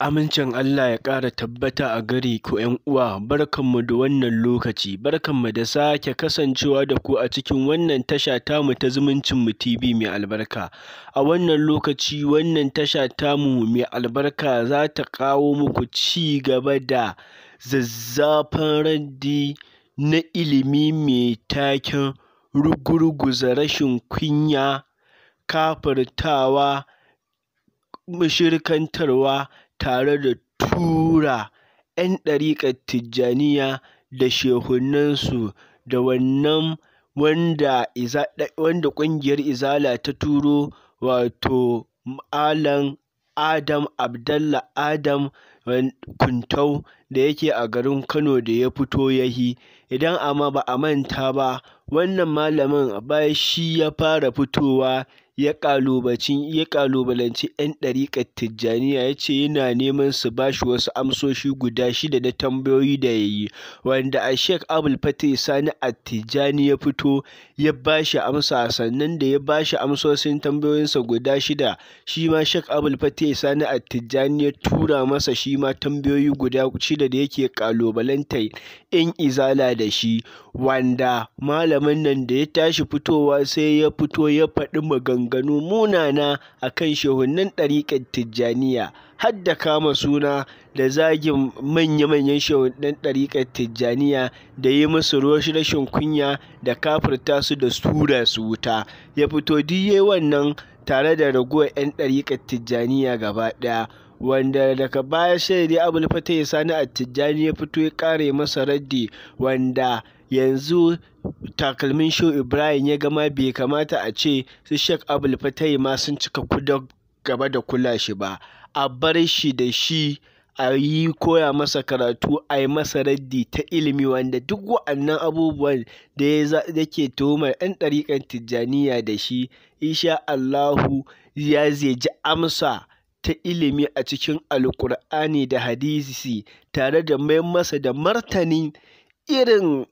Amincin Allah ya ƙara tabbata a gari ku ‘yan uwa, barkanmu da wannan lokaci, barkanmu da sake kasancewa da ku a cikin wannan tasha tamu ta zumuncinmu TV mai albarka. A wannan lokaci wannan tasha tamu mai albarka za ta kawo muku ci gaba da zazzafan raddi na ilimi mai taken rugurguza rashin kunya, kafirtawa, mashirkantarwa. tare da tura ‘yan ɗariƙar Tijjaniya da shehunansu da wannan wanda ƙungiyar Izala ta turo, wato Malam Adam Abdulla Adam Kuntau da yake a garin Kano da ya fito ya yi, idan ba a manta ba, wannan malamin a baya shi ya fara fitowa ya ƙalubalanci 'yan ɗariƙar Tijjaniya ya ce yana neman su ba shi wasu amsoshi guda shida na tambayoyi da ya yi, wanda a sheik abul fatih Sani a Tijjaniya ya fito ya ba shi amsa sannan da ya ba shi amsoshin tambayoyinsa guda shida shi ma Sheikh Abul Fatih Sani Attijani ya tura masa shi ma tambayoyi guda shida da yake kalubalanta in izala da shi wanda malamin nan da ya tashi fitowa sai ya fito ya faɗi maganganu munana akan shehunnan ɗariƙar Tijjaniya har da kama suna da zagin manya-manyan shehunan ɗariƙar Tijjaniya da yi musu rashin kunya da kafirta su da tura su wuta, ya fito duk wannan tare da ragowar 'yan ɗariƙar Tijjaniya gaba ɗaya. wanda daga baya abu na fata ya sani a tijjani ya fito ya kare masa raddi wanda yanzu takalmin show ibrahim ya gama bai kamata a ce su shek abul ma sun cika kuda gaba da kula shi ba a bar shi da shi a yi koya masa karatu a yi masa raddi ta ilimi wanda duk wa'annan abubuwan da yake tuhumar 'yan ɗariƙar tijjaniya da shi insha Allahu ya zai ji amsa ta ilimi a cikin alƙur'ani da hadisi tare da mai masa da martanin irin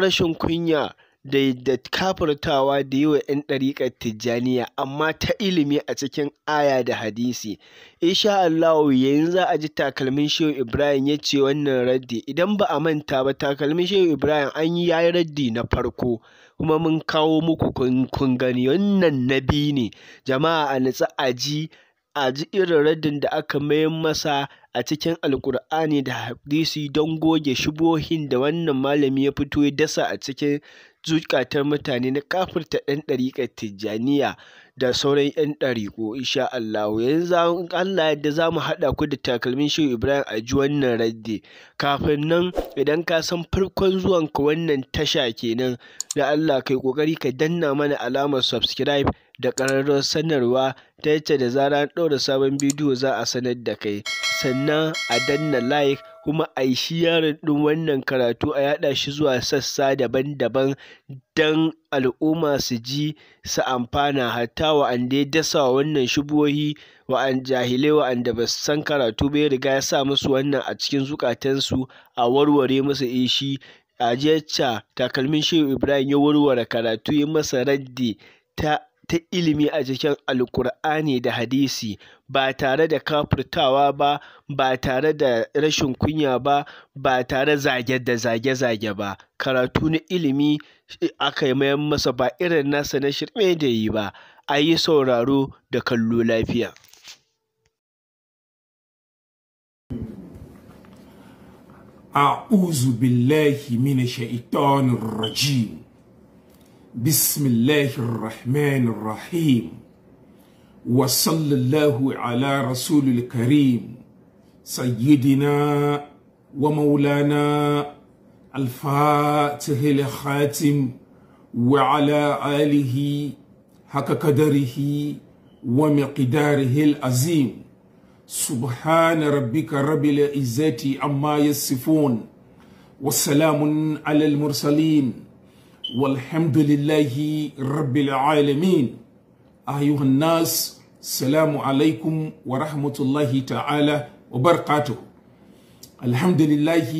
rashin kunya da kafirtawa da yi wa 'yan ɗariƙar Tijjaniya amma ta ilimi a cikin aya da hadisi. Isha Allah yayin za a ji takalmin Shehu Ibrahim ya ce wannan raddi idan ba a manta ba takalmin Shehu Ibrahim an yi yayi raddi na farko kuma mun kawo muku kun gani wannan na ne jama'a a nutsa a ji a ji irin raddin da aka mayar masa a cikin alkur'ani da hadisi don goge shubohin da wannan malami ya fito ya dasa a cikin zukatan mutane na kafirta ɗan ɗariƙar Tijjaniya da sauran 'yan ɗariƙo insha Allah yanzu Allah yadda za mu haɗa ku da takalmin Shehu Ibrahim a ji wannan radde kafin nan idan ka san farkon zuwanka wannan tasha kenan da Allah kai ƙoƙari ka danna mana alamar subscribe da ƙararrawar sanarwa ta yadda da zarar ɗaura sabon bidiyo za a sanar da kai sannan a danna like kuma a yi yaron ɗin wannan karatu a yaɗa shi zuwa sassa daban-daban don al'umma su ji su amfana hatta wa'anda ya dasa wa wannan shubuhohi wa'an jahilai wa'anda ba su san karatu ba ya riga ya sa musu wannan a cikin zukatansu a warware musu ishi eh, a jiyarca takalmin shehu ibrahim ya warware karatu ya masa raddi ta ta ilimi a cikin alkur'ani da hadisi ba tare da kafurtawa ba ba tare da rashin kunya ba ba tare zage da zage-zage ba karatu na ilimi eh, aka mayan masa ba irin nasa na shirme da yi ba a yi sauraro da kallo lafiya أعوذ بالله من الشيطان الرجيم بسم الله الرحمن الرحيم وصلى الله على رسول الكريم سيدنا ومولانا الفاتح الخاتم وعلى آله حق قدره ومقداره العظيم سبحان ربك رب العزة عما يصفون وسلام على المرسلين Walhamdulillahi لله رب العالمين أيها الناس السلام عليكم ورحمة الله تعالى وبركاته الحمد لله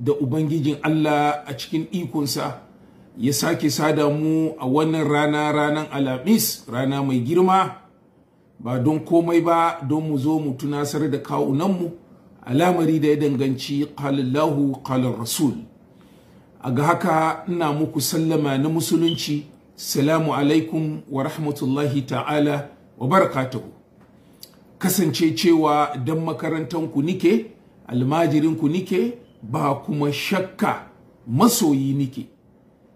da Ubangijin Allah a cikin ikonsa ya sake sada mu a wannan rana ranan alamis rana mai girma ba don komai ba don mu zo mu tunasar da kawunanmu alamari da ya danganci qalallahu qalar rasul a ga haka ina muku sallama na musulunci salamu alaikum wa rahmatullahi ta'ala wa barakatuhu kasance cewa dan makarantanku nike almajirinku nike ba kuma shakka masoyi nike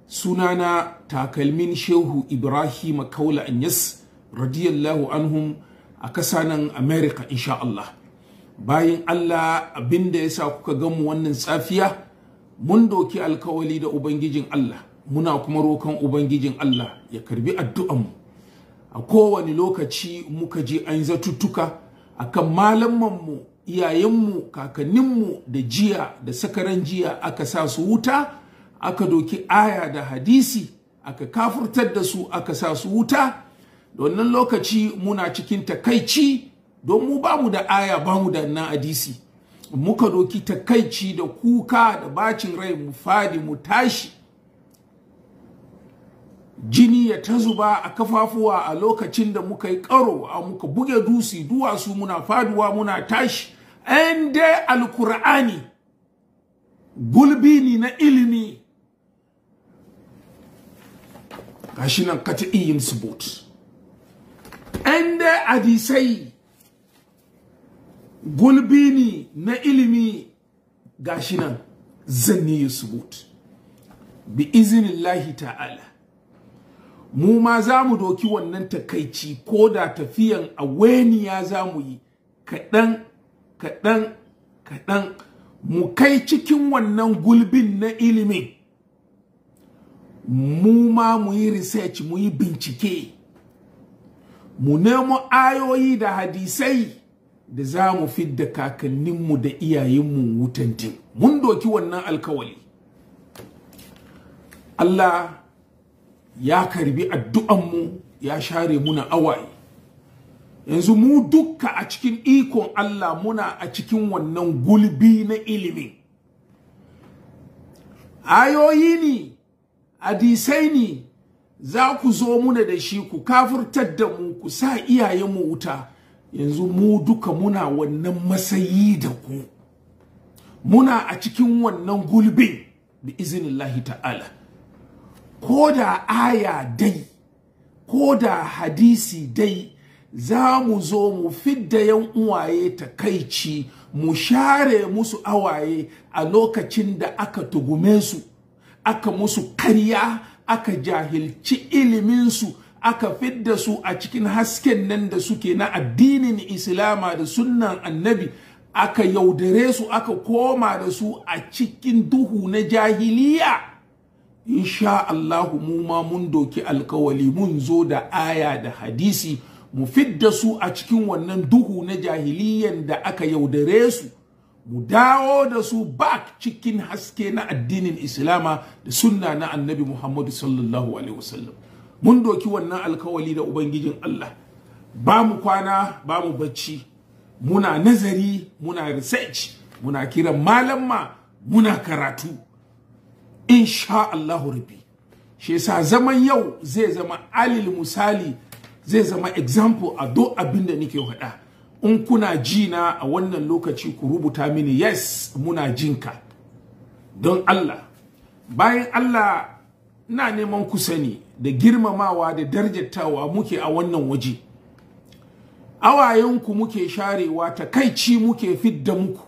sunana takalmin shehu ibrahim kaula anyas radiyallahu anhum a kasanan america insha Allah bayan Allah abinda sa kuka gamu wannan safiya mun doki alkawali da ubangijin Allah muna kuma rokan ubangijin Allah ya karbi addu'anmu a kowane lokaci muka ji an zatuttuka akan malamanmu iyayenmu kakanninmu da jiya da sakaran jiya aka sa su wuta aka doki aya da hadisi aka kafurtar da su aka sa su wuta da wannan lokaci muna cikin takaici don mu ba mu da aya ba mu da na hadisi muka doki takaici da kuka da bacin rai mu fadi mu tashi jini ya ta zuba a kafafuwa a lokacin da muka yi karo a muka buge dusi duwatsu muna faduwa muna tashi an dai alkur'ani gulbini na ilimi gashi nan kata iyin bot an dai adisai gulbi ne na ilimi gashi nan zan yi subut bi izinillahi ta'ala mu ma za mu doki wannan takaici ko da tafiyan ya za mu yi kaɗan kaɗan kaɗan mu kai cikin wannan gulbin na ilimi. mu ma mu yi research mu yi bincike mu nemo ayoyi da hadisai da za mu fidda kakanninmu da iyayenmu wutan wutantin mun doki wannan alkawali Allah ya karbi addu'anmu ya share muna awaye yanzu mu dukka a cikin ikon Allah muna a cikin wannan gulbi na ilimi ayoyi ne hadisai ne za ku zo muna da shi ku kafurtar da mu ku sa iyayenmu wuta yanzu mu duka muna wannan masayi da ku muna a cikin wannan gulbin bi izinillahi ta'ala ko da aya dai ko da hadisi dai za mu zo mu fidda yan uwaye ta kaici, mu share musu awaye a lokacin da aka tugume su aka musu karya aka jahilci iliminsu aka fidda su a cikin hasken nan da suke na addinin islama da sunnan annabi aka yaudare su aka koma da su a cikin duhu na jahiliya insha Allah mu ma mun doki alkawali mun zo da aya da hadisi mu fidda su a cikin wannan duhu na jahiliyan da aka yaudare su mu dawo da su back cikin haske na addinin islama da sunna na annabi muhammadu sallallahu alaihi wasallam mun doki wannan alkawali da ubangijin Allah ba mu kwana ba mu bacci muna nazari muna research muna kiran malamma muna karatu insha Allah rabbi shi yasa zaman yau zai zama alil misali zai zama example a do abin da nake faɗa in kuna ji na a wannan lokaci ku rubuta mini yes muna jinka don Allah bayan Allah ina neman ku sani da girmamawa da darjatawa muke a wannan waje awayenku muke sharewa takaici muke fidda muku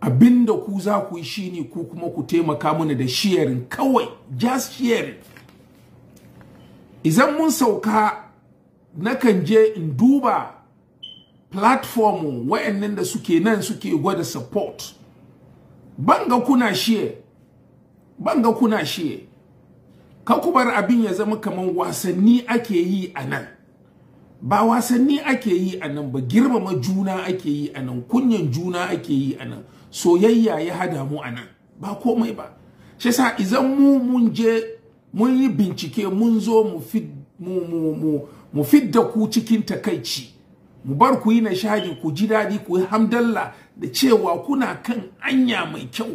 abinda ku za ku yi shi ne ku kuma ku taimaka mana da shiyarin kawai just sharing idan mun sauka nakan je in duba platform wayannan da suke nan suke gwada support banga kuna share banga kuna share kakubar abin ya zama kaman wasanni ake yi anan, ba wasanni ake yi anan, nan ba girmama juna ake yi a kunyan juna ake yi anan, soyayya ya hada mu anan, ba komai ba shi yasa idan mu mun je mun yi bincike mun zo mu mu mu mu fidda ku cikin takaici mu bar ku yi nishadi ku ji daɗi ku yi hamdallah da cewa kuna kan anya mai kyau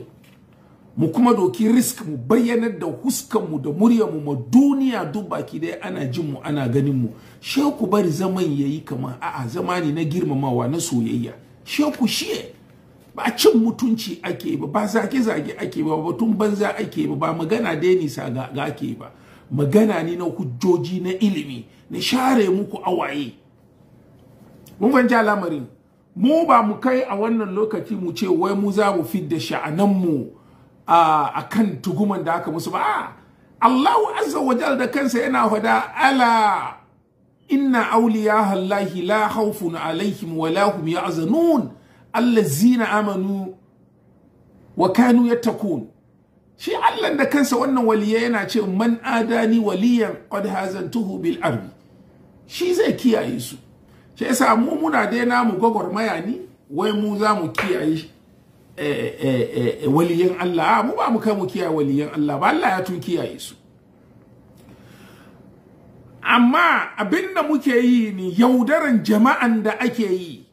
mu kuma doki risk mu bayyanar da huskan mu da muryar mu duniya duk baki dai ana jin mu ana ganin mu sheku bari zaman yayi kamar a'a zama ne na girmamawa na soyayya sheku shiye ba cin mutunci ake ba ba zage zage ake ba batun banza ake ba ba magana dai nisa ga, ga ake ba magana ne na hujjoji na ilimi na share muku awaye mun fahimci lamarin mu ba mu kai a wannan lokaci mu ce wai mu za mu fidda sha'anan mu a kan tuguman da aka musu ba Allahu azza wa jalla da kansa yana hada ala inna awliya Allahi la khawfun alaihim wa la hum ya'zanun allazina amanu wa kanu yattaqun shi Allah da kansa wannan waliya yana ce man adani waliyan qad hazantuhu bil arbi shi zai kiyaye su shi yasa mu muna dai namu gwagwarmaya ni wai mu za mu kiyaye Eh, eh, eh, waliyan Allah ah, mu ba mu kai mu kiyaye waliyan Allah ba Allah ya tun kiyaye su amma abin da muke yi ne yaudaran jama'an da ake yi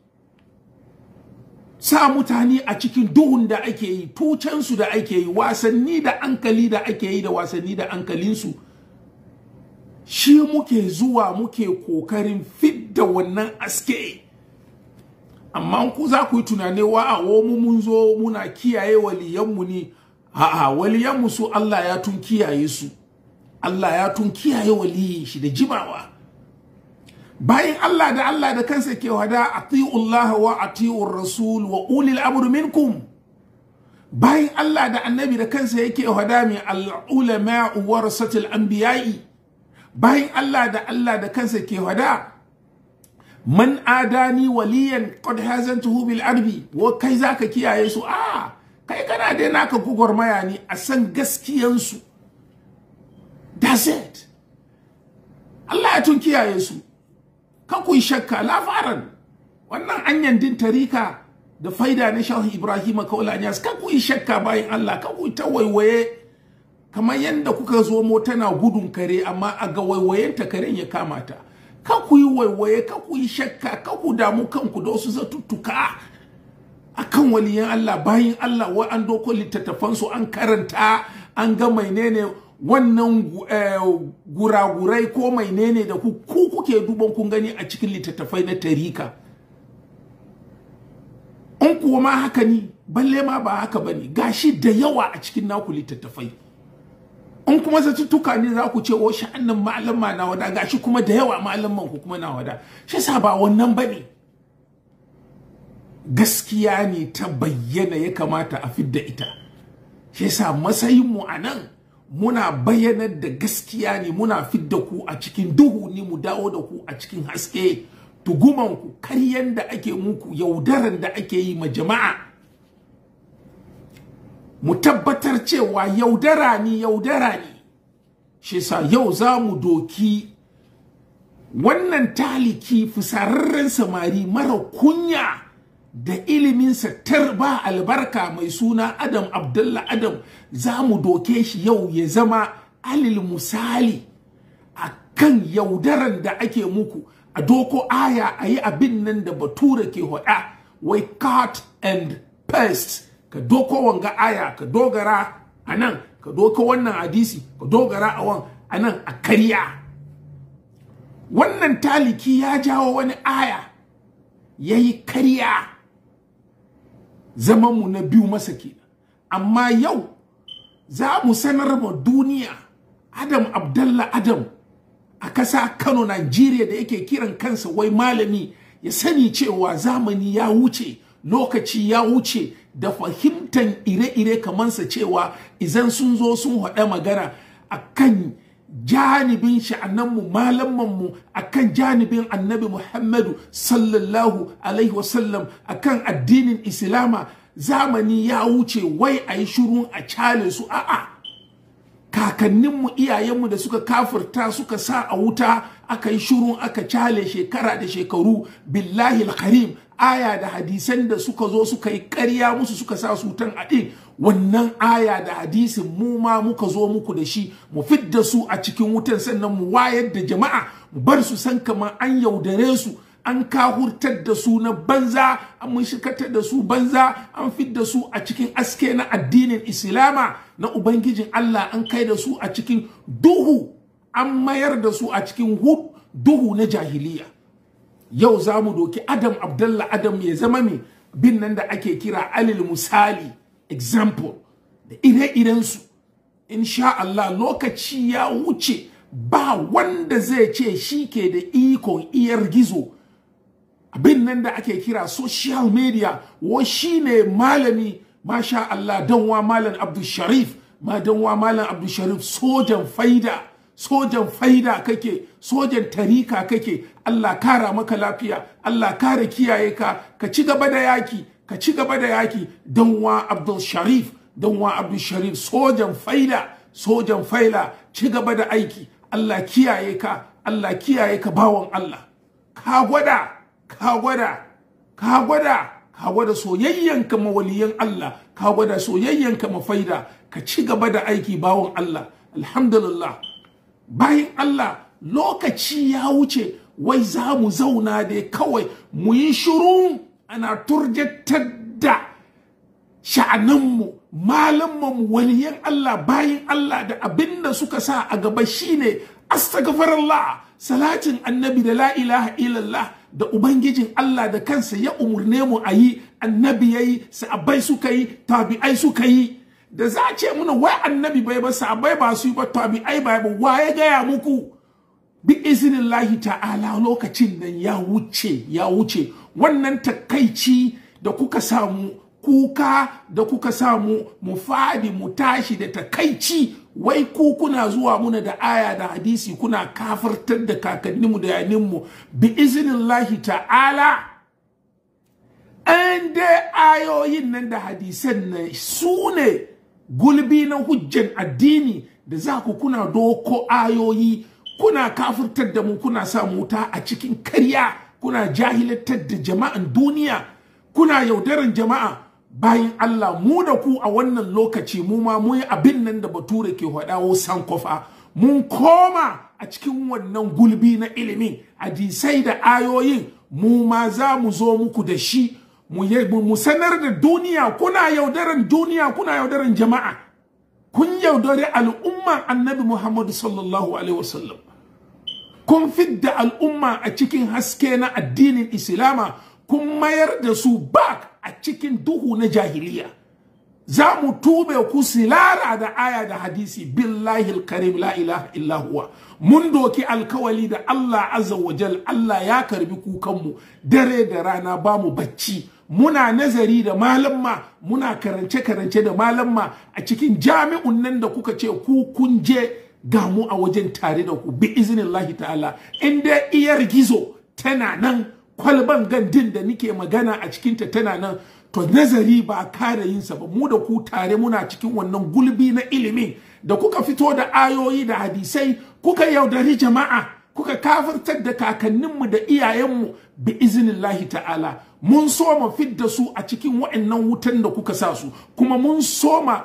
sa mutane a cikin duhun da ake yi tucensu da ake yi wasanni da ankali da ake yi da wasanni da ankalinsu shi muke zuwa muke kokarin fidda wannan aske amma ku za ku yi tunane wa a mu mun zo muna kiyaye waliyanmu ne a'a waliyanmu su Allah ya tun kiyaye su Allah ya tun kiyaye waliyin shi da jimawa bayan Allah da Allah da kansa ke wada atiullah wa atiur rasul wa ulil amr minkum bayan Allah da annabi da kansa yake wada mai al ulama warasatul anbiya bayan Allah da Allah da kansa ke wada man adani waliyan qad hazantuhu bil arbi wa kai zaka kiyaye su a kai kana dai naka maya ne a san gaskiyan su that's it Allah ya tun kiyaye su ka kun shakka lafaran wannan anyan din tarika da faida na shahu Ibrahim Kaulanyas ka kun shakka bayan Allah ka kun ta waiwaye kamar yadda kuka zo mota tana gudun kare amma a ga ta karen ya kamata ka ku yi waiwaye kan ku yi shakka kan ku damu kanku da wasu zatuttuka akan waliyan Allah bayan Allah wa an doko littattafansu an karanta an ga mainene wannan eh, guragurai ko mainene da ku ku kuke duban kun gani a cikin littattafai na tarika in kuwa ma haka ni balle ma ba haka bane gashi da yawa a cikin naku littattafai in kuma zatuttuka ne za ku ce o oh, sha'annin malama na wada gashi kuma da yawa malaman ku kuma na wada shi sa ba wannan ba ne gaskiya ne ta bayyana ya kamata a fidda ita shi sa matsayinmu a nan muna bayyanar da gaskiya ne muna fidda ku a cikin duhu ne mu dawo da ku a cikin haske tugumanku karyan da ake muku yaudaran da ake yi ma jama'a mu tabbatar cewa yaudara ne yaudara ne shi sa yau za mu doki wannan taliki fusararren samari mara kunya da iliminsa ba albarka mai suna adam abdullah adam za mu doke shi yau ya zama alil misali a kan yaudaran da ake muku a doko aya a yi abin nan da bature ke hoɗa wai cut and paste ka doko wanga aya ka dogara a nan ka doko wannan hadisi ka dogara a wan a nan a kariya. wannan taliki ya jawo wani aya ya yi kariya. zamanmu na biyu masa kenan amma yau za mu sanar ma duniya adam abdallah adam a ƙasa kano nigeria da yake kiran kansa wai malami ya sani cewa zamani ya wuce lokaci ya wuce da fahimtan ire-ire sa cewa izan sun zo sun haɗa magana akan janibin sha'ananmu malamanmu akan janibin annabi Muhammadu sallallahu alaihi wasallam akan addinin Islama zamani ya wuce wai a yi shirun a cale su a'a kakanninmu iyayenmu da suka kafirta suka sa a wuta aka yi shuru aka cale shekara da shekaru billahi alkarim aya da hadisan da suka zo suka yi ƙarya musu suka sa su tan aɗin wannan aya da hadisin mu ma muka zo muku da shi mu fidda su a cikin wutan sannan mu wayar da jama'a mu bar su san kamar an yaudare su an kahurtar da su na banza an munshikatar da su banza an fidda su a cikin aske na addinin islama na ubangijin Allah an kai da su a cikin duhu an mayar da su a cikin hub duhu na jahiliya yau za mu doki adam abdallah adam ya zama mai bin nan da ake kira alil misali example da ire-irensu insha Allah lokaci ya wuce ba wanda zai ce shi ke da ikon iyar gizo abin nan da ake kira social media wa shi ne malami masha Allah danwa malam Abdul Sharif ma danwa malam Abdul Sharif sojan faida sojan faida kake sojan tarika kake Allah kara maka lafiya Allah kara kiyaye ka ka ci gaba da yaki ka ci gaba da yaki danwa Abdul Sharif danwa Abdul Sharif sojan faida sojan faila ci gaba da aiki Allah kiyaye ka Allah kiyaye ka bawon Allah ka gwada ka gwada ka gwada ka gwada soyayyanka mawaliyan Allah ka gwada soyayyanka mafaida ka ci gaba da aiki bawon Allah alhamdulillah bayin Allah lokaci ya wuce wai za mu zauna dai kawai mu yi shiru ana turjatar da mu. mu waliyan Allah bayin Allah da abin da suka sa a gaba shine astaghfirullah salatin annabi da la ilaha illallah da ubangijin Allah da kansa ya umurne mu a yi annabi ya yi sa'abai suka yi tabi'ai suka yi da za a ce muna wai annabi bai ba sa'abai ba su yi ba tabi'ai ba ba wa ya gaya muku bi lahi ta'ala lokacin nan ya wuce ya wuce wannan takaici da kuka samu kuka da kuka samu mu fadi mu tashi da takaici wai ku kuna zuwa muna da aya da hadisi kuna kafirtar da kakanninmu da yaninmu bi lahi ta'ala an dai ayoyin nan da hadisan na su ne gulbi na hujjan addini da za ku kuna doko ayoyi kuna kafirtar da mu kuna sa muta a cikin karya kuna jahilatar da jama'an duniya kuna yaudaran jama'a bayan Allah mu da ku a wannan lokaci mu ma mu yi abin nan da bature ke hadawo oh, sankofa mun koma a cikin wannan gulbi na ilimin hadisai da ayoyin mu ma za mu zo muku da shi mu sanar da duniya kuna yaudaran duniya kuna yaudaran jama'a kun yaudari al'umma annabi Muhammadu sallallahu alaihi wasallam kun fidda al'umma a cikin haske na addinin islama kun mayar da su back a cikin duhu na jahiliya za mu tube ku silara da aya da hadisi billahi alkarim la ilaha illa huwa mun doki alkawali da Allah azza wa jal Allah ya karbi kukanmu dare da rana ba mu bacci muna nazari da malamma muna karance karance da malamma a cikin jami'un nan da kuka ce ku kun je ga mu a wajen tare da ku bi iznillahi ta'ala in dai iyar gizo tana nan kwalban gandin da nike magana a cikinta tana nan to nazari ba kare yinsa ba mu da ku tare muna cikin wannan gulbi na ilimin da kuka fito da ayoyi da hadisai kuka yaudari jama'a kuka kafirtar da kakanninmu da iyayenmu bi iznillahi ta'ala mun soma fidda su a cikin wa'annan wutan da kuka sa su kuma mun soma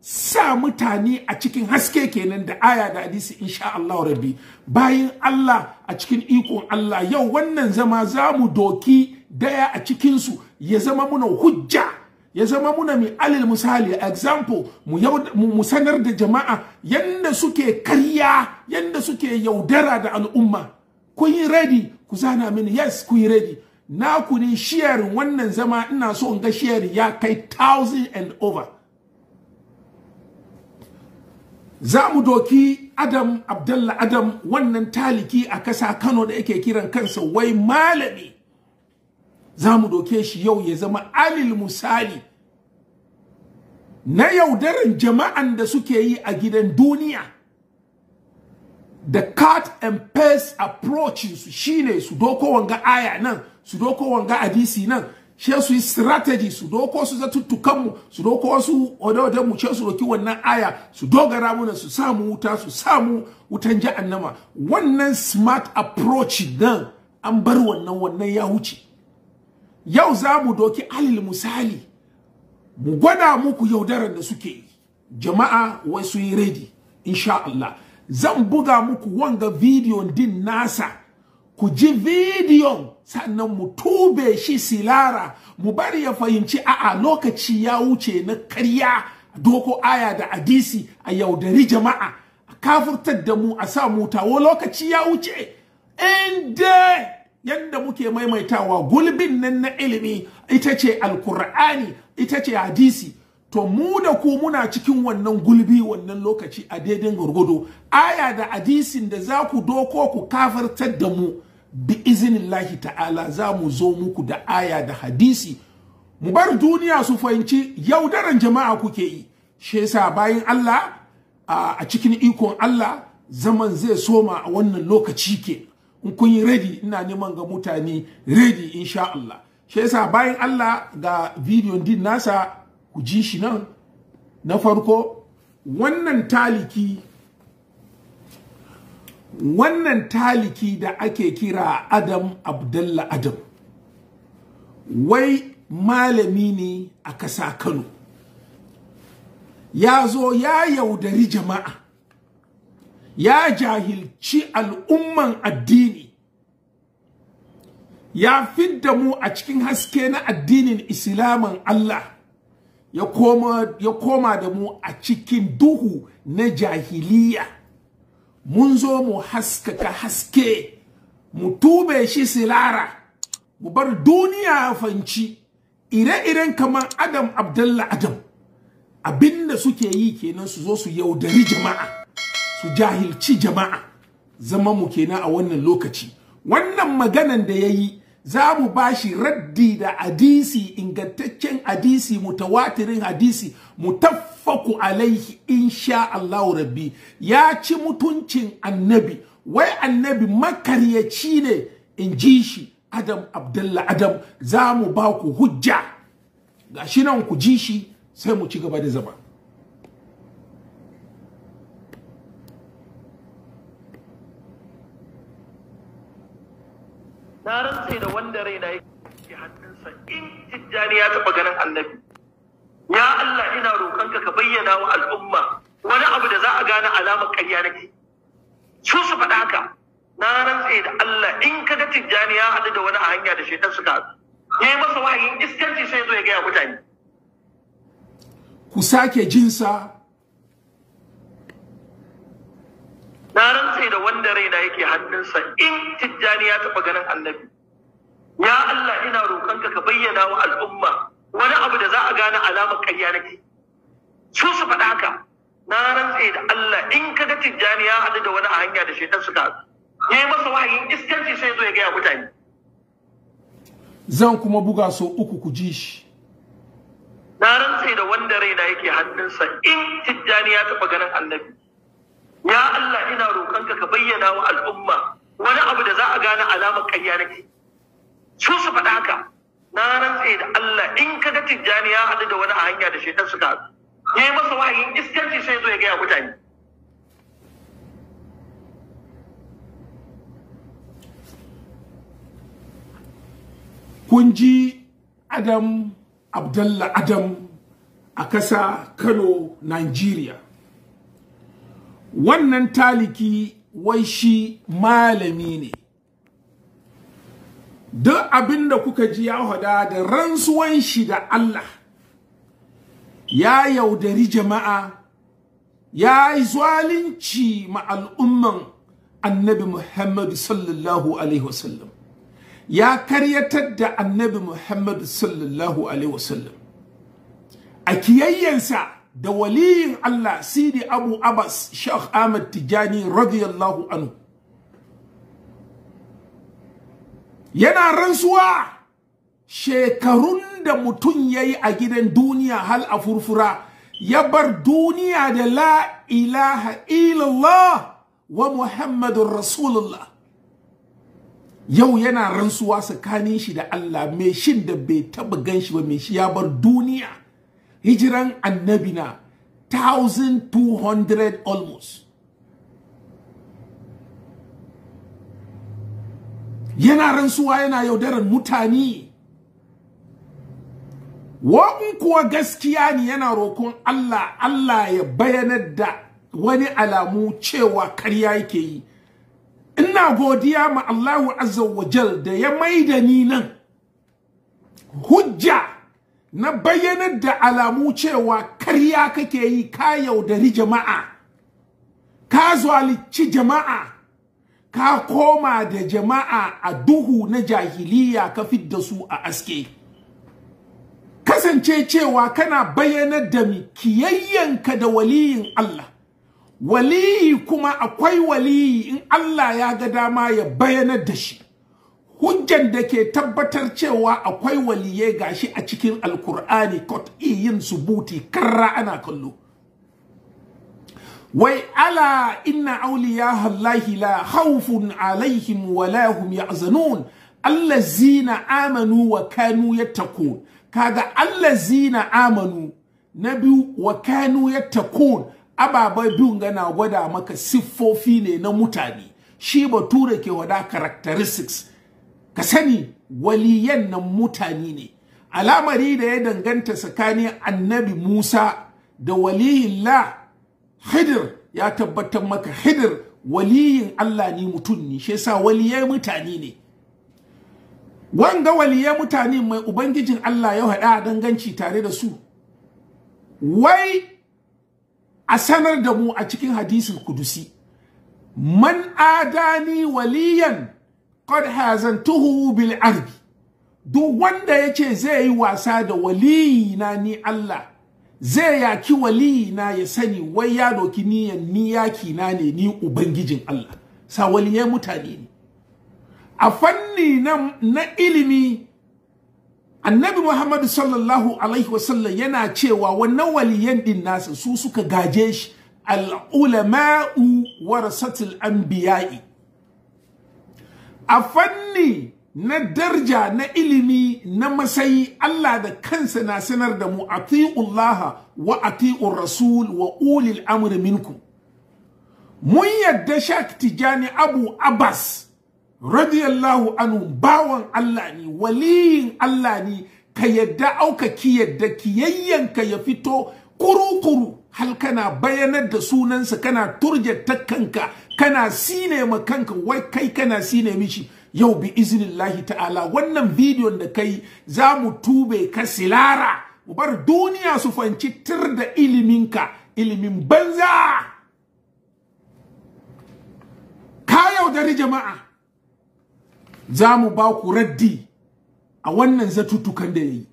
sa mutane a cikin haske kenan da aya da hadisi insha Allah rabbi bayan Allah a cikin ikon Allah yau wannan zama za mu doki daya a cikinsu ya zama muna hujja ya zama muna mai alil misali example mu sanar da jama'a yanda suke karya yanda suke yaudara da al'umma kuyi yi ready ku zana mini yes ku yi ready ku ne wannan zama ina so in ga sharing ya kai thousand and over za mu doki Adam Abdalla Adam wannan taliki a kasa Kano da yake kiran kansa wai malami za mu doke shi yau ya zama alil musali na yaudaran jama'an da suke yi a gidan duniya the cut and paste approach su shine su doko wanga aya nan su doko wanga hadisi nan she su strategy su doko su zatuttukan mu su doko wasu wadawadan mu ce su roki wannan aya su dogara muna su samu wuta su samu wutan jahannama wannan smart approach din an bar wannan wannan ya wuce yau za mu doki alil misali mu gwada muku yaudarar da suke yi jama'a wai su yi ready insha Allah zan buga muku wanga video din nasa ku ji bidiyon sannan mu tube shi silara mu bari ya fahimci a'a lokaci ya wuce na karya doko aya da hadisi a yaudari jama'a a kafurtar da mu a sa mu tawo lokaci ya wuce inda yadda muke maimaitawa gulbin nan na ilimi ita ce alkur'ani ita ce hadisi to mu da ku muna cikin wannan gulbi wannan lokaci a daidai gurgudu aya da hadisin da za ku doko ku kafartar da mu bi izinillahi ta'ala za mu zo muku da aya da hadisi mu bar duniya su fahimci yaudaran jama'a kuke yi shi yasa bayan Allah a cikin ikon Allah zaman zai soma a wannan lokaci ke in kun yi ready ina neman ga mutane ready insha Allah shi yasa bayan Allah ga bidiyon din nasa ku ji shi nan na farko wannan taliki wannan taliki da ake kira Adam Abdullah Adam wai malami ne a ƙasa Kano ya zo ya yaudari jama'a ya jahilci al'umman addini ya fidda mu a cikin haske na addinin islamin Allah ya koma da mu a cikin duhu na jahiliya mun zo mu haskaka haske mu tube shi silara mu bar duniya fanci ire-iren kamar adam abdalla adam abinda suke yi kenan su zo su yaudari jama'a su jahilci jama'a zama mu kenan a wannan lokaci wannan maganan da ya yi za mu ba shi raddi da hadisi ingantaccen hadisi mutawatirin hadisi mutaffaku alaihi insha Allah rabbi ya ci mutuncin annabi wai annabi makaryaci ne in ji shi Adam Abdullah Adam za mu ba ku hujja gashi nan ku ji shi sai mu ci gaba da zama rantse da wanda raina yake hannunsa in tijjani ya taɓa ganin annabi ya Allah ina roƙonka ka bayyana wa al'umma wani abu da za a gane alamar ƙarya nake su su faɗa haka na rantse da Allah in ga tijjani ya haɗu da wani a hanya da shaitan suka haɗu ya yi masa wahayin iskanci sai zo ya gaya mutane ku sake jinsa na rantse da wanda raina yake hannunsa in tijjani ya taɓa ganin annabi ya Allah ina roƙonka ka bayyana wa al'umma wani abu da za a gane alamar ƙarya nake su su faɗa haka na rantse da Allah in ka ga tijjani ya haɗu da wani a hanya da shaitan suka haɗu ya yi masa wahayin iskanci sai zo ya gaya mutane zan kuma buga so uku ku ji shi na rantse da wanda raina yake hannunsa in tijjani ya taɓa ganin annabi ya Allah ina roƙonka ka bayyana wa al'umma wani abu da za a gane alamar ƙarya nake su su faɗa haka na rantse da Allah in ka ga tijjani ya haɗu da wani a hanya da shaitan suka haɗu ya yi masa wahayin iskanci sai zo ya gaya mutane kunji adam abdalla adam a ƙasa kano nigeria wannan taliki wai shi malami ne duk abin da kuka ji ya hada da rantsuwan shi da Allah ya yaudari jama'a ya yi zalunci ma al'umman annabi Muhammad sallallahu alaihi wasallam ya karyatar da annabi Muhammad sallallahu alaihi wasallam a kiyayyansa da waliyin Allah Sidi Abu Abbas Sheikh Ahmad Tijani radiyallahu anhu yana rantsuwa shekarun da mutum ya yi a gidan duniya hal a furfura ya bar duniya da la ilaha illallah wa muhammadun rasulullah yau yana rantsuwa tsakanin shi da Allah mai shin da bai taba gan shi ba mai shi ya bar duniya hijiran annabina 1200 almost yana rantsuwa yana yaudarar mutane wa kuwa gaskiya ne yana roƙon Allah Allah ya bayanar da wani alamu cewa karya yake yi ina godiya ma Allahu azza wa jal da ya maida ni nan hujja na bayyanar da alamu cewa karya kake yi ka yaudari jama'a ka zalici jama'a ka koma da jama'a a duhu na jahiliya ka da su a aske kasance cewa kana bayyanar da mikiyayyanka da waliyin Allah waliyi kuma akwai waliyi in Allah ya ga dama ya bayanar da shi hujjan da ke tabbatar cewa akwai waliye gashi a cikin alkur'ani kot yin subuti karra ana kallo wai ala inna auliya hallahi la haufun alaihim wa ya hum yahzanun allazina amanu wa kanu yattaqun kaga allazina amanu na biyu wa kanu yattaqun ababa biyun gana gwada maka siffofi ne na mutane shi bature ke wada characteristics ka sani waliyan nan mutane ne alamari da ya danganta tsakanin annabi Musa da la. hidir ya tabbatar maka hidir waliyin Allah ne mutum ne shi yasa waliyai mutane ne wanga waliyai mutane mai ubangijin Allah ya haɗa danganci tare da su wai a sanar da mu a cikin hadisin kudusi man adani waliyan qad hazantuhu bil ardi duk wanda yace zai yi wasa da waliyina ni Allah zai yaki waliyi na ya sani wai ya doki niyan ni yaki na ne ni ubangijin Allah sa waliyan mutane ne a fanni na, ilimi annabi Muhammad sallallahu alaihi wasallam yana cewa wannan waliyan din nasa su suka gaje shi al-ulama'u warasatul anbiya'i a fanni na darja na ilimi na masayi Allah da kansa na sanar da mu atiullaha wa atiur rasul wa ulil amri minku mun yadda Shak Tijani Abu Abbas radiyallahu anhu bawan Allah ne waliyin Allah ne ka yadda auka ki yadda kiyayyanka ya fito kurukuru hal kana bayanar da sunansa kana turje takkanka kana sine ma kanka wai kai kana sine mishi yau bi lahi ta'ala wannan bidiyon da kai za mu tube ka silara mu bar duniya su fanci tir da iliminka ilimin banza ka yaudari jama'a za mu ba ku raddi a wannan zatutukan da ya yi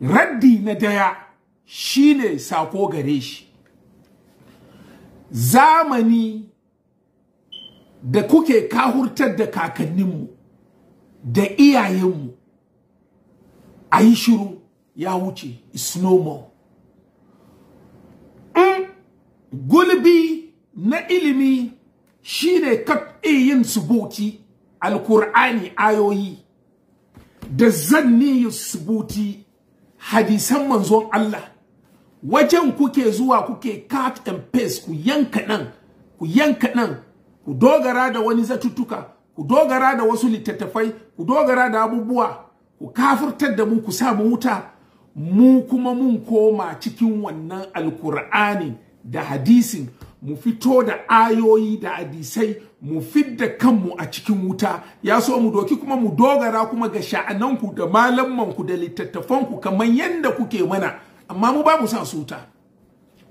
raddi na daya shine sako gare shi zamani da kuke kahurtar da kakanninmu da iyayenmu a yi shiru ya wuce snowball in mm, gulbi na ilimi shine kafi yin subuti alkur'ani ayoyi da zanni subuti hadisan manzon Allah wajen kuke zuwa kuke cut and paste ku yanka nan ku yanka nan ku dogara da wani zatuttuka ku dogara da wasu littattafai ku dogara da abubuwa ku kafirtar da mu ku sa mu wuta mu kuma mun koma cikin wannan alkur'ani da hadisin mu fito da ayoyi da hadisai mu fidda kanmu a cikin wuta ya so mu doki kuma mu dogara kuma ga sha'ananku da malamanku da littattafanku kamar yadda kuke mana amma mu ba mu sa su wuta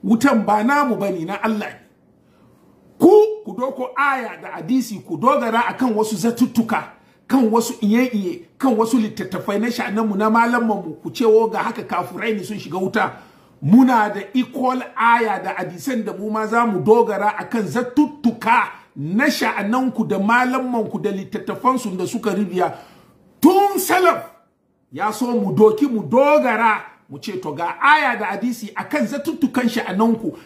wutan ba namu ba ne, na Allah ku ku doko aya da hadisi ku dogara akan wasu zatuttuka kan wasu iye-iye kan wasu littattafai na sha'ananmu na malamanmu ku cewo ga haka kafurai ne sun shiga wuta muna da equal aya da hadisan da mu ma za mu dogara akan zatuttuka na sha'ananku da malamanku da su da suka ribiya tun salaf ya so mu doki mu dogara mu ce to ga aya da hadisi akan zatuttukan sha'ananku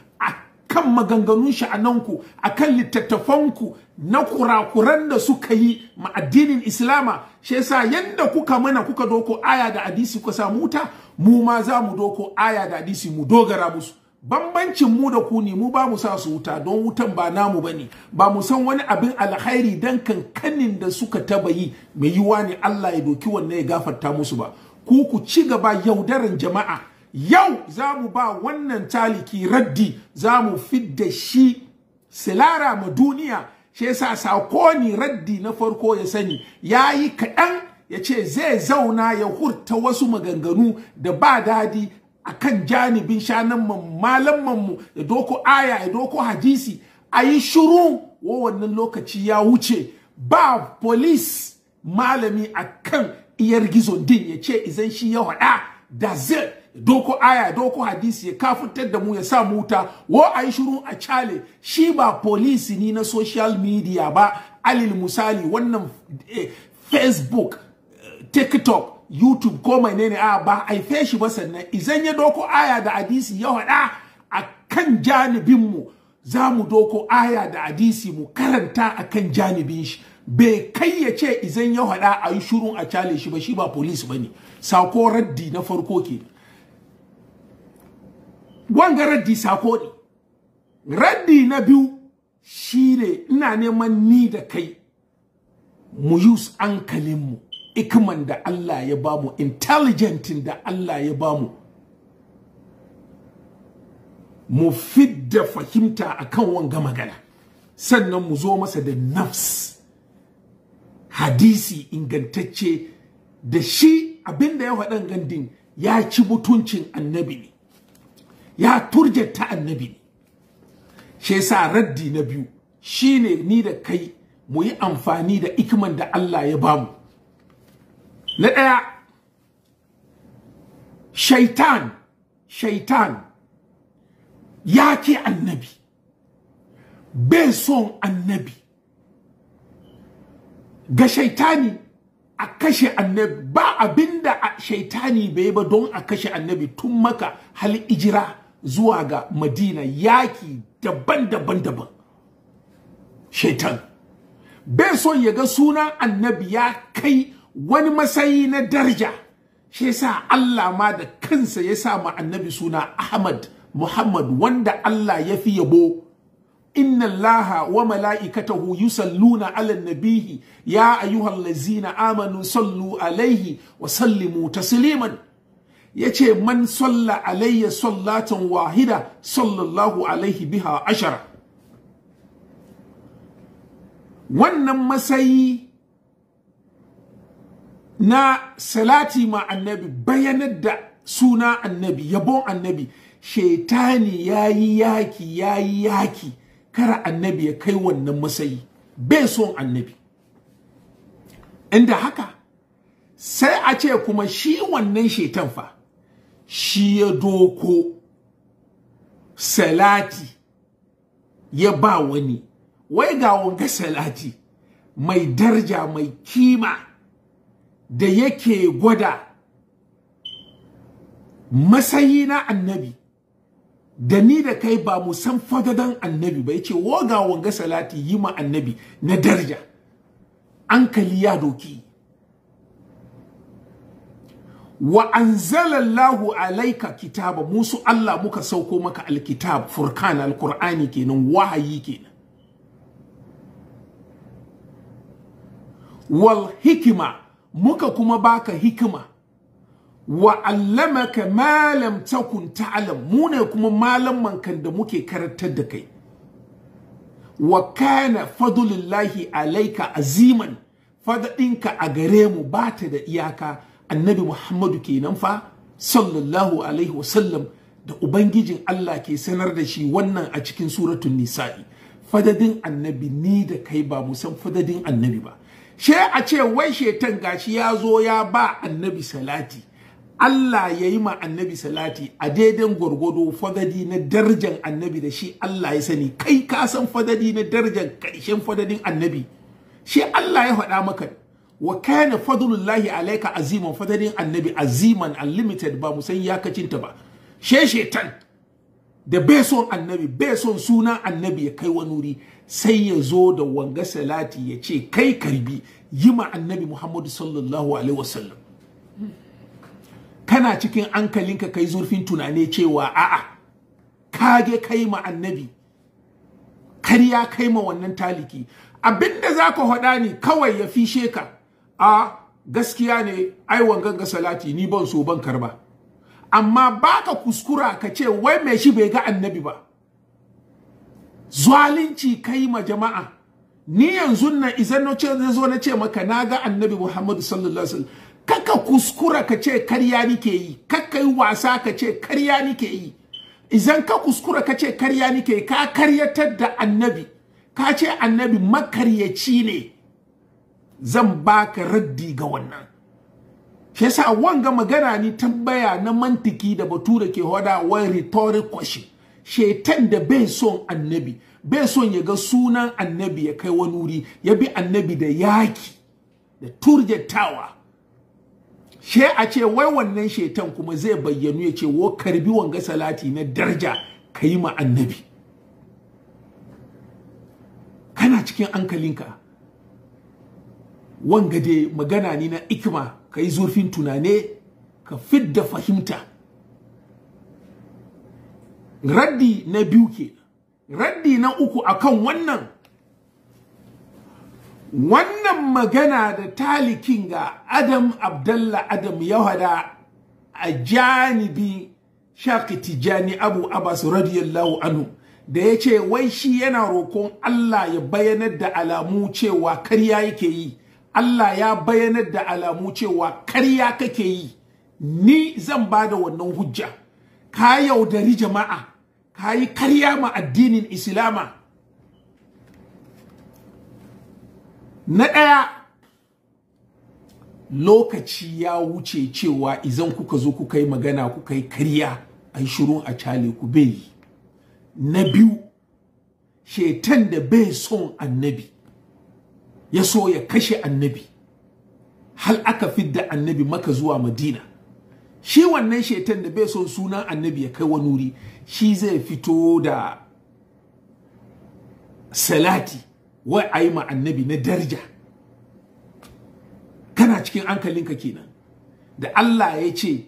kan maganganun sha'ananku kan littattafanku na kurakuran da suka yi ma addinin Islama shi yasa yadda kuka mana kuka doko aya da hadisi kuka samu ta mu ma za mu doko aya da hadisi mu dogara musu bambancin mu da ku ne mu ba mu sa su wuta don wutan ba namu bane ba mu san wani abin alkhairi dan kankanin da suka taba yi mai yiwa ne Allah ya doki wannan ya gafarta musu ba ku ku ci gaba yaudaran jama'a yau za mu ba wannan taliki raddi za mu fidda shi silara ma duniya shi yasa sako ni raddi na farko ya sani ya yi kaɗan ya ce zai zauna ya hurta wasu maganganu da ba dadi akan janibin shananmu malamanmu ya doko aya ya doko hadisi a yi shuru wa wannan lokaci ya wuce ba polis malami akan iyar gizon din ya ce izan shi ya waɗa da zai doko aya doko hadisi ya kafutar da mu ya sa muta wo a yi shiru a cale shi ba polisi ni na social media ba alil misali wannan eh, facebook eh, tiktok youtube ko mai ne a ba haife feshi ba sannan izan ya doko aya da hadisi ya hada a kan janibin mu za mu doko aya da hadisi mu karanta a kan janibin shi bai kai ya ce izan ya haɗa a yi shurun a cale shi ba shi ba police ba ne sako raddi na farko ke wanga raddi sako ne raddi na biyu shine ina neman ni da kai mu use ankalinmu ikman da Allah ya bamu intelligent da Allah ya bamu mu fidda fahimta akan wanga magana sannan mu zo masa da nafs hadisi ingantacce da shi abinda ya faɗan gandin ya ci mutuncin annabi ne ya turjeta annabi shi yasa raddi na biyu shine ni da kai mu yi amfani da ikiman da Allah ya bamu na ɗaya shaitan shaitan ya ke annabi bai son annabi ga shaitani a kashe annabi ba abinda shaitani bai ba don a kashe annabi tun maka hal ijira zuwa ga Madina yaki daban-daban daban shaitan bai so ya ga sunan annabi ya kai wani matsayi na darja shi sa Allah ma da kansa ya sa ma annabi suna Ahmad Muhammad wanda Allah ya fi yabo inna allaha wa mala'ikatahu yusalluna 'alan nabihi ya ayyuhallazina amanu sallu alaihi wa sallimu tasliman yace man salla alayya sallatan wahida sallallahu alaihi biha ashara wannan masayi na salati ma annabi bayanar da suna annabi yabon annabi shaitani yayi yaki yi yaki kara annabi ya kai wannan masayi bai son annabi inda haka sai a ce kuma shi wannan shaitan fa shi ya doko salati ya ba wani wai ga wanga salati mai darja mai kima da yake gwada masayi na annabi da ni da kai ba mu san fadadan annabi ba yace ga wanga salati yi ma annabi na darja ankali ya doki wa anzalallahu alaika kitaba musu Allah muka sauko maka alkitab furkan alqur'ani kenan wahayi kenan wal hikima muka kuma baka hikima wa allamaka ma lam takun ta'lam mu ne kuma malaman kan da muke karantar da kai wa kana fadlullahi alayka aziman fadadinka a gare mu bata da iyaka annabi Muhammadu ke nan fa sallallahu alaihi wasallam da ubangijin Allah ke sanar da shi wannan a cikin suratun nisa'i fadadin annabi ni da kai ba mu san fadadin annabi ba she a ce wai shetan gashi ya zo ya ba annabi salati Allah ya yi ma annabi salati a daidan gwargwado fadadi na darajar annabi da shi Allah ya sani kai ka san fadadi na darajar karshen fadadin annabi shi Allah ya faɗa maka wa kana fadlullahi alayka aziman fadalin annabi aziman unlimited ba musan kacinta ba she shetan da bai son annabi bai son suna annabi ya kai wani wuri sai ya zo da wanga salati ya ce kai karbi yi ma annabi muhammadu sallallahu alaihi wasallam kana cikin ankalinka kai zurfin tunane cewa a'a kage kai ma annabi karya kai ma wannan taliki abinda za ka haɗa ne kawai ya fishe ka a gaskiya ne ai wangan ga salati ni ban so ban karba amma baka kuskura ka ce wai mai shi bai ga annabi ba zalunci kai ma jama'a ni yanzu nan idan na ce zai zo na ce maka na ga annabi muhammad sallallahu alaihi wasallam kaka kuskura ka ce karya nike yi kaka yi wasa ka ce karya nike yi izan ka kuskura ka ce karya nike yi ka karyatar da annabi ka ce annabi makaryaci ne zan baka raddi ga wannan shi yasa wanga magana ni tambaya na mantiki da bature ke hoda wa rhetoric question shetan da bai son annabi bai son ya ga sunan annabi ya kai wani wuri ya bi annabi da yaki da turjatawa she a ce wai wannan shetan kuma zai bayyanu ya ce wo karbi wanga salati na daraja ka ma annabi kana cikin ankalinka wanga dai magana ne na ikima ka yi zurfin tunane ka fidda fahimta raddi na biyu ke raddi na uku akan wannan wannan magana da talikin ga adam abdallah adam yahada a janibi shakiti tijjani abu abbas radiyallahu anhu da ya ce wai shi yana roƙon allah ya bayanar da alamu cewa karya yake yi Allah ya bayyanar da alamu cewa karya kake yi ni zan ba da wannan hujja ka yaudari jama'a ka yi karya ma addinin islama na ɗaya lokaci ya wuce cewa izan kuka zo kuka yi magana kuka yi karya a shiru a cale ku bai na biyu shetan da bai son annabi ya so ya kashe annabi hal aka fidda annabi maka zuwa madina shi wannan shetan da bai son sunan annabi ya kai wani wuri shi zai fito da salati wai a yi ma annabi na darja kana cikin hankalinka kenan da Allah ya ce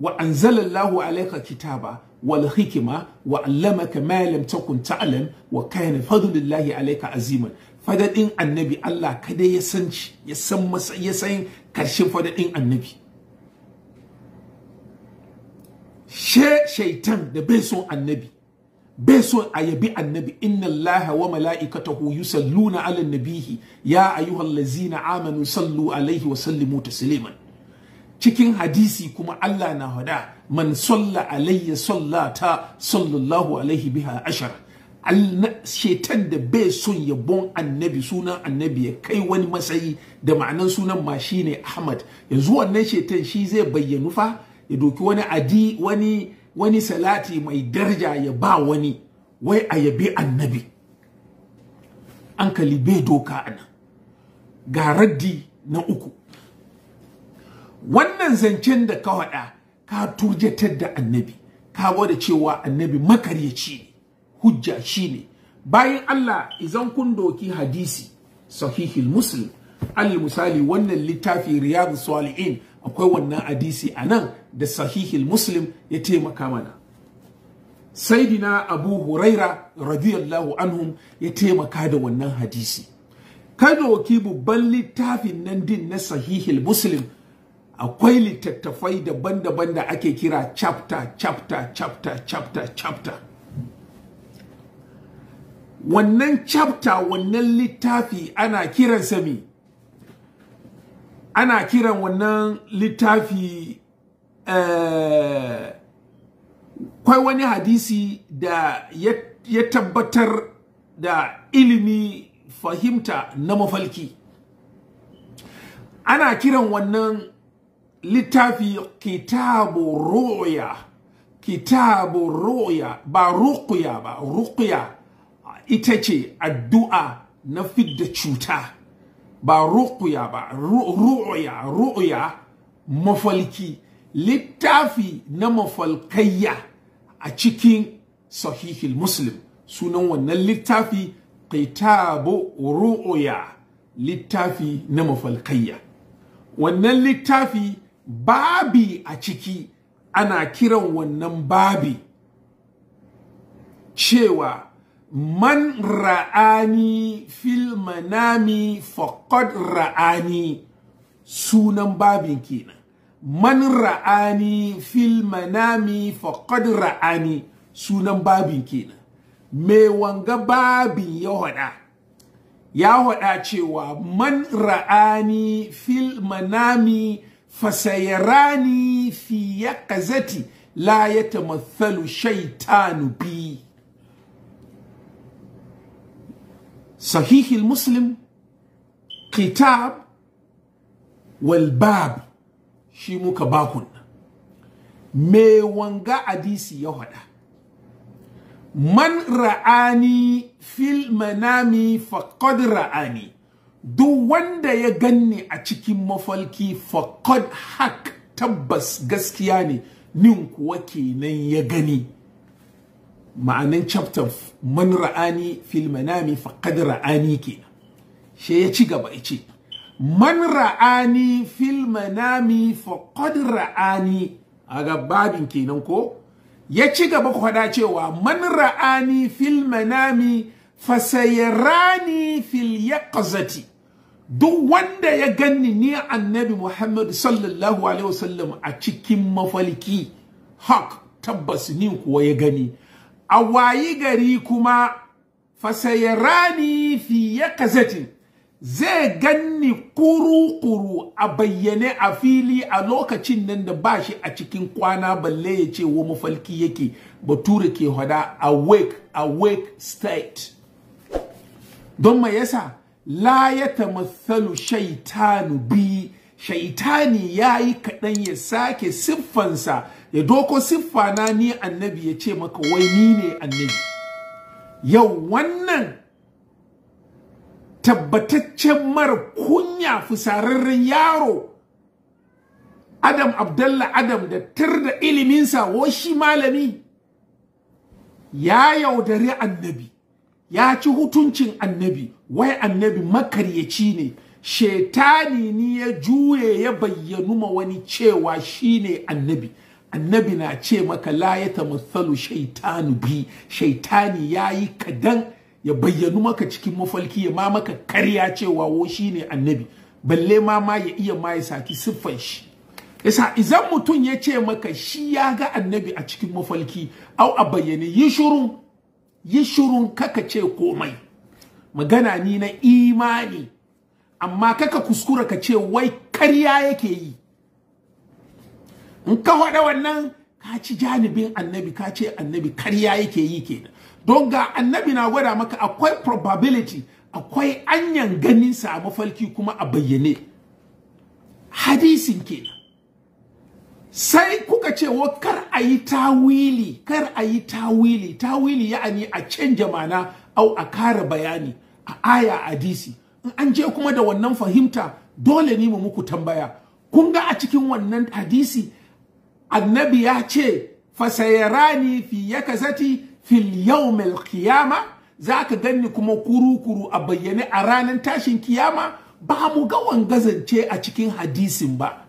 wa anzalallahu alaika kitaba wal hikima wa allamaka ma lam takun ta'lam wa kana fadlullahi alaika aziman fadadin annabi Allah kada ya san shi ya san ya san karshen fadadin annabi she shaitan da bai son annabi bai son a yabi annabi inna Allah wa mala'ikatahu yusalluna ala nabihi ya ayyuhallazina amanu sallu alaihi wa sallimu tasliman cikin hadisi kuma Allah na hada man salla alayya sallata sallallahu alaihi biha ashara shetan da bai son bon annabi sunan annabi ya kai wani matsayi da ma'anan sunan ma shi ne Ahmad yanzu wannan shetan shi zai bayyanu fa ya doki wani adi wani salati mai daraja ya ba wani wai a yabi annabi ankali bai doka ana ga raddi na uku wannan zancen da ka waɗa ka turjatar da annabi ka gwada cewa annabi makaryaci ne hujja shine bayan Allah izan kun doki hadisi sahihil muslim al misali wannan littafi riyadu salihin akwai wannan hadisi a nan da sahihil muslim ya taimaka mana saidina abu huraira radiyallahu anhum ya taimaka da wannan hadisi ka doki babban littafin nan din na sahihil muslim akwai littattafai daban-daban da ake kira chapter chapter chapter chapter chapter wannan chapter wannan littafi ana kiran sami ana kiran wannan littafi eh, kwai wani hadisi da ya tabbatar da ilimi fahimta na mafalki ana kiran wannan littafi kitabu ru'ya kitabu roya ba rukuya ba rukuya ita ce addu'a na fidda cuta ba ruƙuya ba ruƙuya ruƙuya mafalki littafi na mafalkayya a cikin sahihil muslim sunan wannan littafi kitabu ru'ya littafi na mafalkayya wannan littafi babi a ciki ana kiran wannan babi cewa man ra'ani fil manami faqad ra'ani sunan babin kenan man ra'ani fil manami faqad ra'ani sunan babin kenan me wanga babin ya hada ya hada cewa man ra'ani fil manami fasayarani fi yaqazati la yatamathalu shaytanu bi صحيح المسلم كتاب والباب shi muka baku. me wanga hadisi ya hada man ra'ani fil manami faqad ra'ani duk wanda ya ganni a cikin mafalki fakod hak tabbas gaskiya ne min kuwa kenan ya gani ma'anan chapter man ra'ani fil manami faqad ra'ani kenan she ya ci gaba yace man ra'ani fil manami faqad ra'ani aga babin kenan ko ya ci gaba kwada cewa man ra'ani fil manami fasayarani fil yaqzati duk wanda ya ganni ni annabi Muhammad sallallahu alaihi wasallam a cikin mafalki hak tabbas ni kuwa ya gani a wayi gari kuma fasayarani fi yakazatin zai ganni kuru-kuru a bayyane a fili a lokacin nan da ba shi a cikin kwana balle ya ce wa mafalki yake bature ke hada a wake state don mai yasa la ya tamathalu shaitanu bi shaitani ya yi kaɗan ya sake siffansa ya doko siffa na ni annabi ya ce maka wai ni ne annabi yau wannan tabbataccen mara kunya fusararren yaro Adam Abdalla Adam da tar da iliminsa wa shi malami ya yaudari annabi ya ci hutuncin annabi wai annabi makaryaci ne shetani ni ya juye ya bayyanu ma wani cewa shine annabi annabi na ce maka layata ya tamathalu shaitanu bi shaitani yayi kadan ya bayyanu maka cikin mafalki ya ma maka karya cewa wo ne annabi balle ma ma ya iya ma ya saki siffan shi yasa idan mutum ya ce maka shi ya ga annabi a cikin mafalki au a bayyane yi shurun yi shurun kaka ce komai magana ni na imani amma kaka kuskura ka ce wai karya yake yi in ka faɗa wannan ka ci janibin annabi ka ce annabi karya yake yi kenan don ga annabi na gwada maka akwai probability akwai anyan ganin sa a mafalki kuma a bayyane hadisin kenan sai kuka ce wa kar a yi tawili kar a yi tawili tawili ya'ani a canja mana au a kara bayani a aya hadisi in an je kuma da wannan fahimta dole ne mu muku tambaya kun ga a cikin wannan hadisi annabi ya ce fasayarani fi yakazati fil kiyama qiyama zaka ganni kuma kurukuru a bayyane a ranar tashin kiyama ba mu ga wangazance a cikin hadisin ba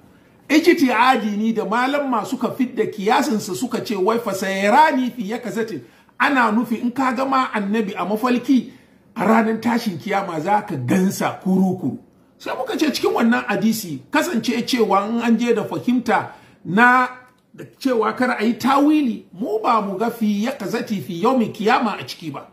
ijiti adini da malam ma suka fidda kiyasinsa suka ce wai fasayarani fi yakazati ana nufi in ka gama annabi a mafalki a ranar tashin kiyama za ka gansa kurukuru. sai muka ce cikin wannan hadisi kasance cewa in an je da fahimta na da cewa kar a yi tawili mu ba mu ga fi ya kazati fi yaumi kiyama a ciki ba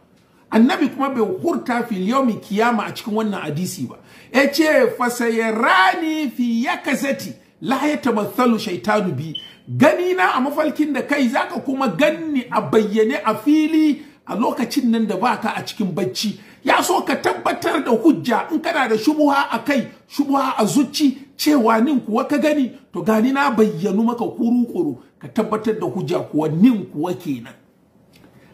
annabi kuma bai hurta fi yaumi kiyama a cikin wannan hadisi ba ya ce fasayarani fi ya kazati la ya tamathalu shaitanu bi gani na a mafalkin da kai zaka kuma ganni a bayyane a fili a lokacin nan da baka a cikin bacci ya so ka tabbatar da hujja in kana da shubuha a kai shubuha a zuci cewa nin kuwa ka gani to gani na bayyanu maka kuru-kuru ka tabbatar da hujja kuwa nin kuwa kenan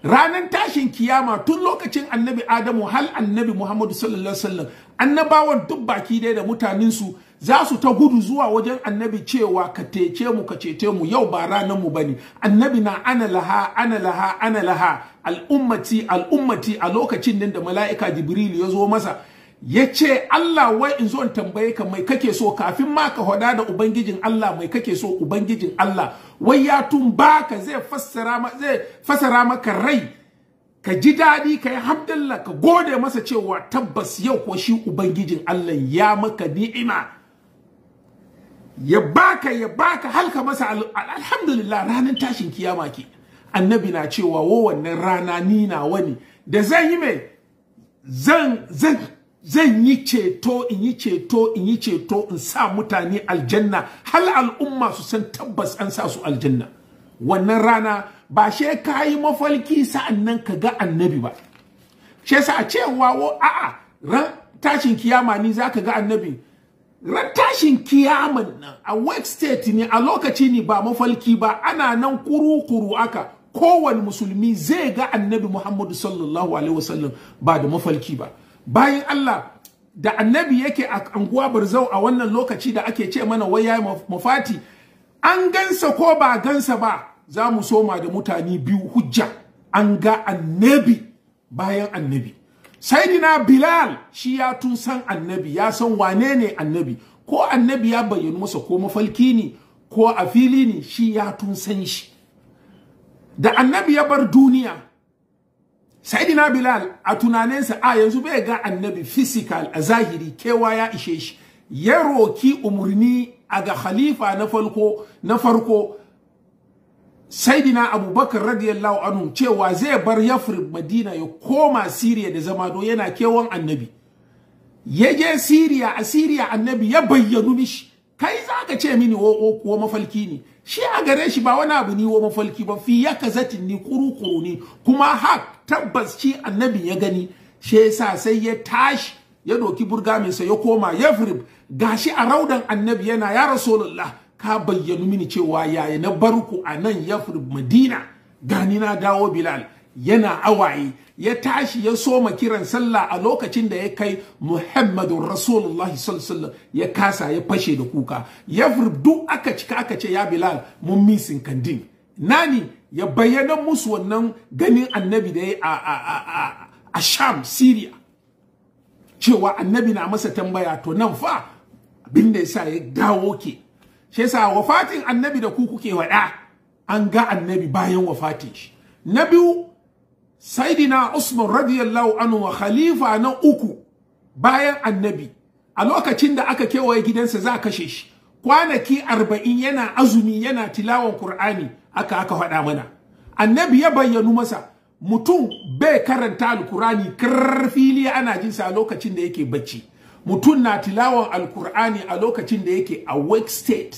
ranar tashin kiyama tun lokacin annabi adamu hal annabi muhammadu sallallahu alaihi wasallam annabawan duk baki dai da mutanensu za su ta gudu zuwa wajen annabi cewa ka tece mu ka cece mu yau ba ranar mu bane annabi na ana laha ana laha ana laha al'ummati al'ummati a lokacin nan da mala'ika jibril ya zo masa ya ce Allah wai in zo in tambaye ka mai kake so kafin ma ka hada da ubangijin Allah mai kake so ubangijin Allah wai ya ba ka zai fassara maka rai ka ji daɗi ka yi hamdallah ka gode masa cewa tabbas yau ko shi ubangijin Allah ya maka ni'ima ya baka ya baka halka masa alhamdulillah ranar tashin kiyama ke annabi na cewa wo wannan rana ni na wani da zan yi mai zan zan yi ceto in yi ceto in yi ceto in sa mutane aljanna hal al'umma su san tabbas an sa su aljanna wannan rana ba she ka yi mafalki sa'annan ka ga annabi ba she sa a cewa wo a'a ran tashin kiyama ni zaka ga annabi ran tashin kiyaman nan a wake state ne a lokaci ne ba mafalki ba ana nan kuru-kuru aka kowane musulmi zai ga annabi muhammadu sallallahu alaihi wasallam ba da mafalki ba bayan Allah da annabi yake a anguwa barzau a wannan lokaci da ake ce mana wai mafati an gansa ko ba gansa ba za mu soma da mutane biyu hujja an ga annabi bayan annabi saidina bilal shi ya tun san annabi ya san wane ne annabi ko annabi ya bayyana masa ko mafalki ne ko a fili ne shi ya tun san shi da annabi ya bar duniya Saidina Bilal a tunaninsa a yanzu bai ga annabi physical a zahiri kewa ya ishe shi ya roki umarni a ga khalifa na farko na farko Saidina Abubakar radiyallahu anhu cewa zai bar Yafrib Madina ya koma syria da zama do yana kewan annabi ya je syria a syria annabi ya bayyanu mishi kai zaka ce mini wo ko mafalki ne shi a gare shi ba wani abu ni wo mafalki ba fi yakazatin ni kuru kuru kuma hak tabbas shi annabi ya gani shi yasa sai ya tashi ya doki burgaminsa ya koma yafrib gashi a raudan annabi yana ya rasulullah ka bayyanu mini cewa yaya na barku a nan yafrib madina gani na dawo bilal yana awaye ya tashi ya soma kiran sallah a lokacin da ya kai muhammadun rasulullah sallallahu ya kasa ya fashe da kuka yafrib duk aka cika aka ce ya bilal mun misin kandin nani ya bayyana musu wannan ganin annabi da ya a a Sham Syria cewa annabi na masa tambaya to nan fa abin da yasa ya dawo ke shi yasa wafatin annabi da ku kuke wada an ga annabi bayan wafatin shi na biyu saidina Usman radiyallahu anhu wa khalifa na uku bayan annabi a lokacin da aka kewaye gidansa za a kashe shi kwanaki arba'in yana azumi yana tilawan Kur'ani aka aka faɗa mana annabi ya bayyanu masa mutum bai karanta alkurani karfili ana jin lokacin da yake bacci mutum na tilawan alkurani a lokacin da yake a state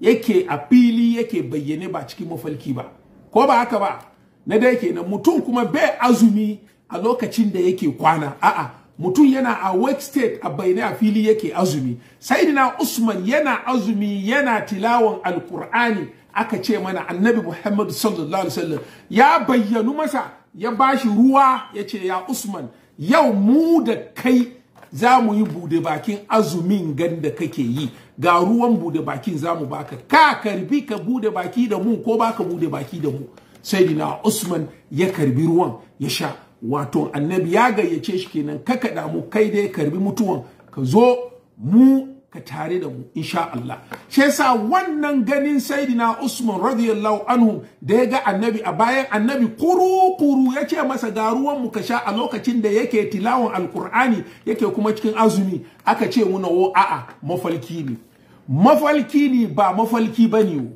yake a fili yake bayyane ba cikin mafalki ba ko ba haka ba na dai kenan mutum kuma bai azumi a lokacin da yake kwana a'a mutum yana a wake state a bayyane a fili yake azumi sayyidina usman yana azumi yana tilawan alkur'ani aka ce mana annabi Muhammad sallallahu alaihi wasallam ya bayyanu masa ya bashi ruwa ya ce ya Usman yau mu da kai za mu yi bude bakin azumin ganda kake yi ga ruwan bude bakin za mu baka ka karbi ka bude baki da mu ko baka bude baki da mu Sai dina Usman ya karbi ruwan ya sha wato annabi ya gayyace shi kenan ka kada mu kai dai karbi mutuwan ka zo mu ka tare da mu insha Allah shi yasa wannan ganin saidina Usman radiyallahu anhu da ya ga annabi a bayan annabi kuru kuru ya ce masa ga ruwan mu ka sha a lokacin da yake tilawon alkur'ani yake kuma cikin azumi aka ce mu na wo a'a mafalki ne mafalki ne ba mafalki bane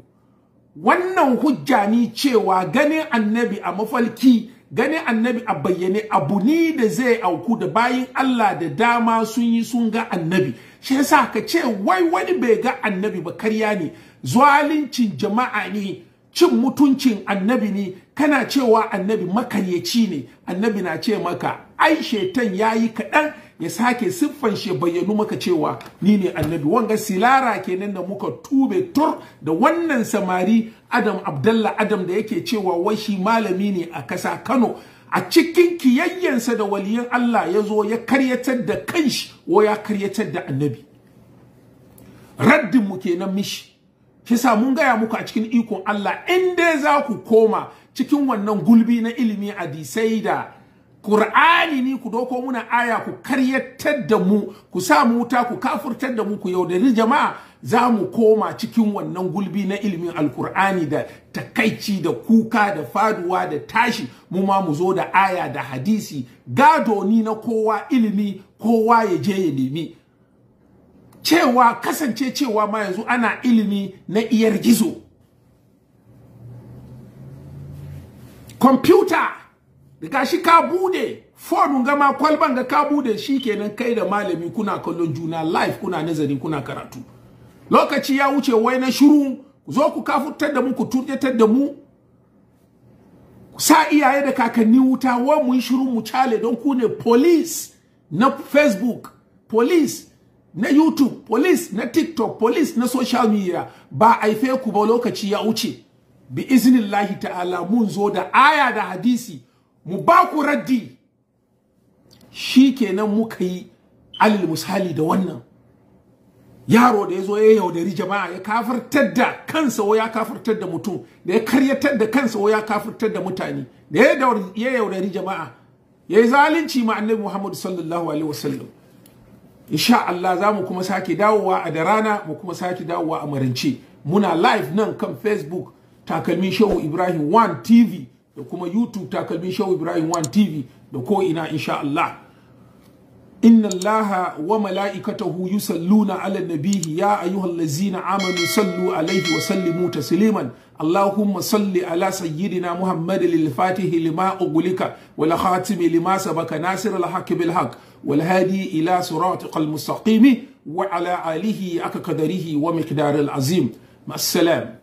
wannan hujja ni cewa ganin annabi a mafalki ganin annabi a bayyane abu ne da zai auku da bayin Allah da dama sun yi sun ga annabi shi yasa ka ce wai wani bai ga annabi ba karya ne zalincin jama'a ne cin mutuncin annabi ne kana cewa annabi makaryaci ne annabi na ce maka ai shetan yayi kaɗan ya sake siffan shi bayyanu maka cewa ni ne annabi wanga silara kenan da muka tube tur da wannan samari Adam Abdalla Adam da yake cewa wai shi malami ne a ƙasa Kano a cikin kiyayyensa da waliyan Allah ya zo ya karyatar da kanshi ko ya karyatar da annabi raddin mu kenan mishi kisa mun gaya muku a cikin ikon Allah in dai za ku koma cikin wannan gulbi na ilimi hadisai da Qur'ani ni ku doko muna aya ku karyatar da mu ku sa mu wuta ku kafurtar da mu ku yaudari jama'a za mu koma cikin wannan gulbi na ilimin alkur'ani da takaici da kuka da faduwa da tashi mu ma mu zo da aya da hadisi gado ni na kowa ilimi kowa ya je ya nemi cewa kasance cewa ma yanzu ana ilimi na iyar gizo kwamfuta daga shi ka bude fonun gama kwalban ga ka bude shi kenan kai da malami kuna kallon juna live kuna nazari kuna karatu lokaci ya wuce wai na shiru ku zo ku kafurtar da mu ku tunyatar da mu sa iyaye da kakanni wuta wa mu shiru mu cale don ku ne police na facebook police na youtube police na tiktok police na social media ba aife ku ba lokaci ya wuce bi iznillahi ta'ala mun zo da aya da hadisi mu ba ku raddi shikenan muka yi alil misali da wannan yaro da ya zo ya yaudari jama'a ya kafartar da kansa ya kafartar da mutum da ya karyatar da kansa ya kafartar da mutane da ya yaudari jama'a ya yi zalunci ma annabi Muhammad sallallahu alaihi wasallam insha Allah za mu kuma sake dawowa a da rana mu kuma sake dawowa a marance muna live nan kan Facebook takalmin Shehu Ibrahim 1 TV da kuma YouTube takalmin Shehu Ibrahim 1 TV da ko ina insha Allah إن الله وملائكته يصلون على النبي يا أيها الذين آمنوا صلوا عليه وسلموا تسليما اللهم صل على سيدنا محمد للفاتح لما أغلق والخاتم لما سبق ناصر الحق بالحق والهادي إلى صراطك المستقيم وعلى آله أكقدره ومقدار العظيم مع السلام